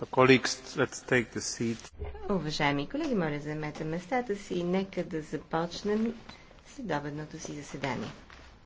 So, Уважаеми колеги, моля заемете местата си и нека да започнем следобедното си заседание.